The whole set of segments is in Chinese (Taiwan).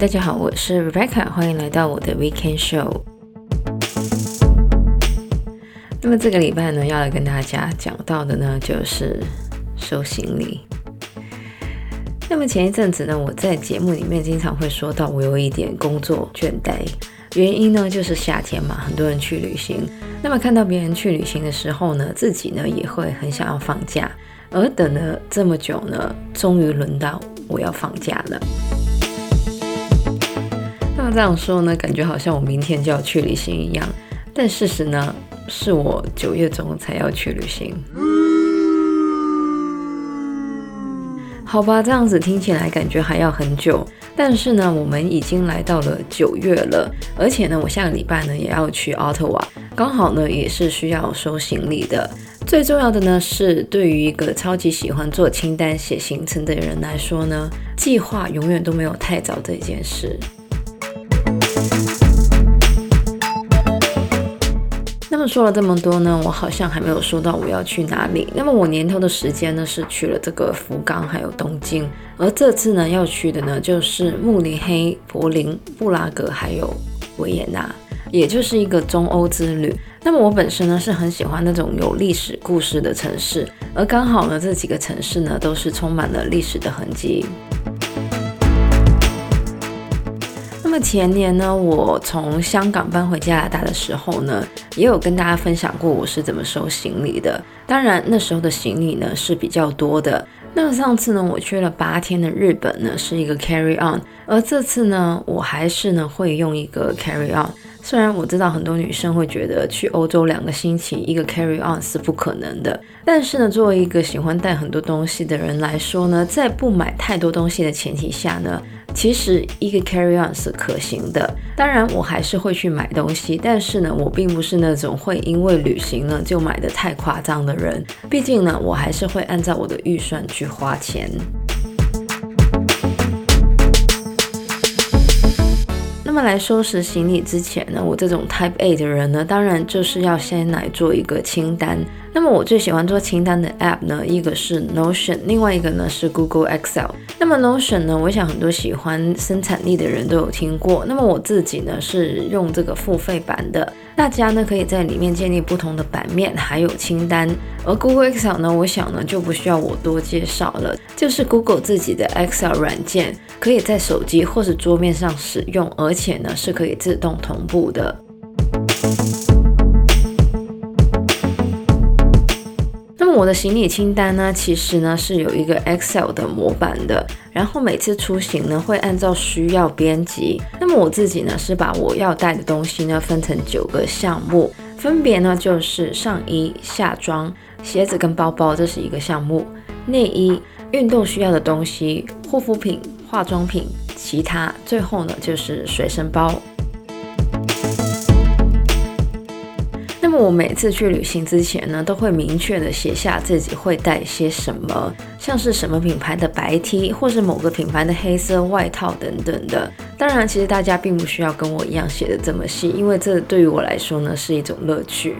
大家好，我是 Rebecca，歡迎來到我的 Weekend Show。那麼這個禮拜呢，要來跟大家講到的呢，就是收行李。那麼前一陣子呢，我在節目裡面經常會說到，我有一點工作倦怠，原因呢就是夏天嘛，很多人去旅行。那麼看到別人去旅行的時候呢，自己呢也會很想要放假。而等了這麼久呢，終於輪到我要放假了。這樣說呢，感覺好像我明天就要去旅行一樣。但事實呢，是我九月中才要去旅行。好吧，這樣子聽起來感覺還要很久。但是呢，我們已經來到了九月了，而且呢，我下個禮拜呢也要去 Ottawa。剛好呢也是需要收行李的。最重要的呢，是對於一個超級喜歡做清單、寫行程的人來說呢，計劃永遠都沒有太早這一件事。那麼說了這麼多呢，我好像還沒有說到我要去哪裡。那麼我年頭的時間呢是去了這個福岡還有東京，而這次呢要去的呢就是慕尼黑、柏林、布拉格還有維也納，也就是一個中歐之旅。那麼我本身呢是很喜歡那種有歷史故事的城市，而剛好呢這幾個城市呢都是充滿了歷史的痕跡。那麼前年呢，我從香港搬回加拿大的時候呢，也有跟大家分享過我是怎麼收行李的。當然那時候的行李呢是比較多的。那上次呢，我去了八天的日本呢，是一個 carry on，而這次呢，我還是呢會用一個 carry on。雖然我知道很多女生會覺得去歐洲兩個星期一個 carry on 是不可能的，但是呢，作為一個喜歡帶很多東西的人來說呢，在不買太多東西的前提下呢，其實一個 carry on 是可行的。當然，我還是會去買東西，但是呢，我並不是那種會因為旅行呢就買得太誇張的人。畢竟呢，我還是會按照我的預算去花錢。在來收拾行李之前呢，我這種 Type A 的人呢，當然就是要先來做一個清單。那麼我最喜歡做清單的 App 呢，一個是 Notion，另外一個呢是 Google Excel。那麼 Notion 呢，我想很多喜歡生產力的人都有聽過，那麼我自己呢是用這個付費版的。大家呢可以在裡面建立不同的版面，還有清單。而 Google Excel 呢，我想呢就不需要我多介紹了，就是 Google 自己的 Excel 軟件，可以在手機或是桌面上使用，而且呢是可以自動同步的。我的行李清單呢，其實呢是有一個 Excel 的模板的然後每次出行呢會按照需要編輯。那麼我自己呢是把我要帶的東西呢分成九個項目，分別呢就是上衣、下裝、鞋子跟包包，這是一個項目，內衣、運動需要的東西、護膚品、化妝品、其他，最後呢就是隨身包。我每次去旅行之前呢，都會明確的寫下自己會帶些什麼，像是什麼品牌的白 T，或是某個品牌的黑色外套等等的。當然，其實大家並不需要跟我一樣寫的這麼細，因為這對於我來說呢，是一種樂趣。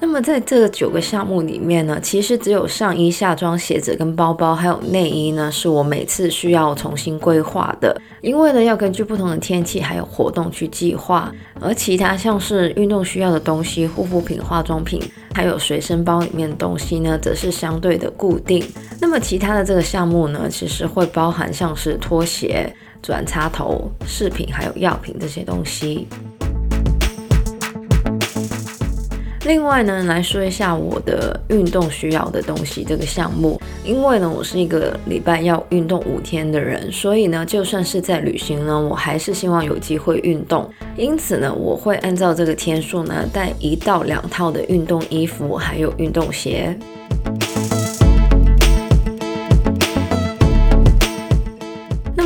那麼在這個九個項目裡面呢，其實只有上衣、下裝、鞋子跟包包，還有內衣呢，是我每次需要重新規劃的，因為呢，要根據不同的天氣還有活動去計劃。而其他像是運動需要的東西、護膚品、化妝品，還有隨身包裡面的東西呢，則是相對的固定。那麼其他的這個項目呢，其實會包含像是拖鞋、轉插頭、飾品，還有藥品這些東西。另外呢，來說一下我的運動需要的東西這個項目，因為呢，我是一個禮拜要運動五天的人，所以呢，就算是在旅行呢，我還是希望有機會運動。因此呢，我會按照這個天數呢，帶一到兩套的運動衣服，還有運動鞋。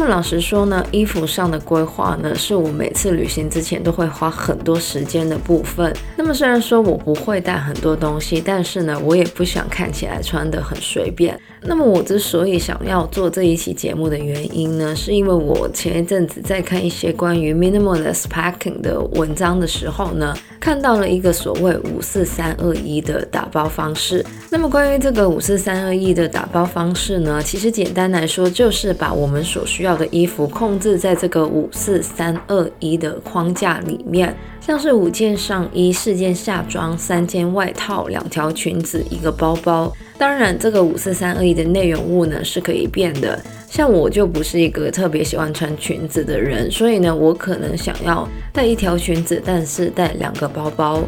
老實說呢，衣服上的規劃呢，是我每次旅行之前都會花很多時間的部分。那麼雖然說我不會帶很多東西，但是呢，我也不想看起來穿得很隨便。那麼我之所以想要做這一期節目的原因呢，是因為我前一陣子在看一些關於 minimalist packing 的文章的時候呢，看到了一個所謂“五四三二一”的打包方式。那麼關於這個“五四三二一”的打包方式呢，其實簡單來說就是把我們所需要的衣服控制在這個“五四三二一”的框架裡面。像是五件上衣、四件下裝、三件外套、兩條裙子、一個包包。當然，這個五四三二一的內容物呢是可以變的。像我就不是一個特別喜歡穿裙子的人，所以呢，我可能想要帶一條裙子，但是帶兩個包包。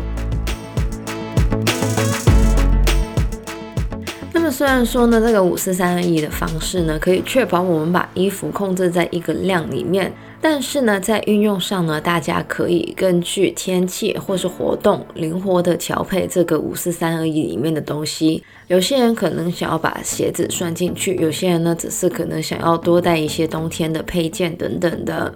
那麼，雖然說呢，這個五四三二一的方式呢，可以確保我們把衣服控制在一個量裡面。但是呢，在運用上呢，大家可以根據天氣或是活動，靈活的調配這個五四三二一裡面的東西。有些人可能想要把鞋子算進去，有些人呢，只是可能想要多帶一些冬天的配件等等的。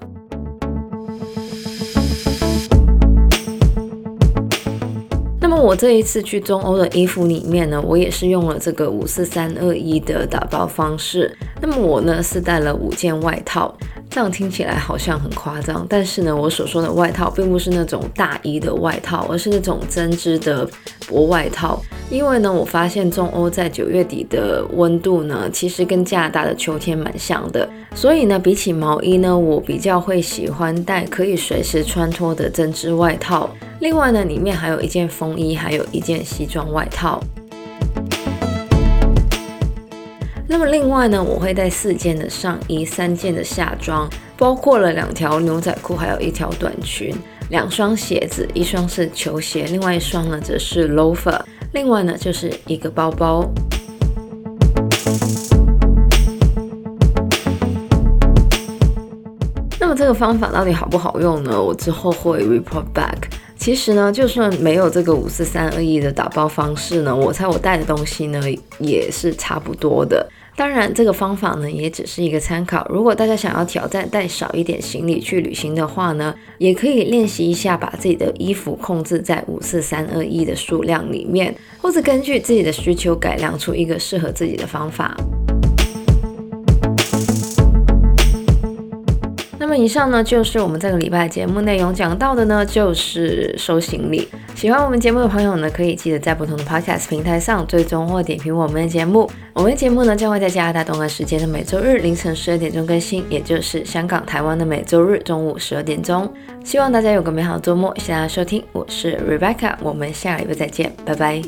我這一次去中歐的衣服裡面呢，我也是用了這個五四三二一的打包方式。那麼我呢是帶了五件外套，這樣聽起來好像很誇張，但是呢，我所說的外套並不是那種大衣的外套，而是那種針織的薄外套。因為呢，我發現中歐在九月底的溫度呢，其實跟加拿大的秋天蠻像的，所以呢，比起毛衣呢，我比較會喜歡帶可以隨時穿脫的針織外套。另外呢，裡面還有一件風衣，還有一件西裝外套。那麼另外呢，我會帶四件的上衣，三件的下裝，包括了兩條牛仔褲，還有一條短裙，兩雙鞋子，一雙是球鞋，另外一雙呢則是 loafer。另外呢，就是一個包包。那麼這個方法到底好不好用呢？我之後會 report back。其實呢，就算沒有這個五四三二一的打包方式呢，我猜我帶的東西呢也是差不多的。當然，這個方法呢也只是一個參考。如果大家想要挑戰帶少一點行李去旅行的話呢，也可以練習一下把自己的衣服控制在五四三二一的數量裡面，或者根據自己的需求改良出一個適合自己的方法。那麼以上呢，就是我們這個禮拜節目內容講到的呢，就是收行李。喜歡我們節目的朋友呢，可以記得在不同的 Podcast 平台上追蹤或點評我們的節目。我們的節目呢，將會在加拿大東岸時間的每周日凌晨十二點鐘更新，也就是香港、台灣的每周日中午十二點鐘。希望大家有個美好的周末，謝謝大家收聽，我是 Rebecca，我們下禮拜再見，拜拜。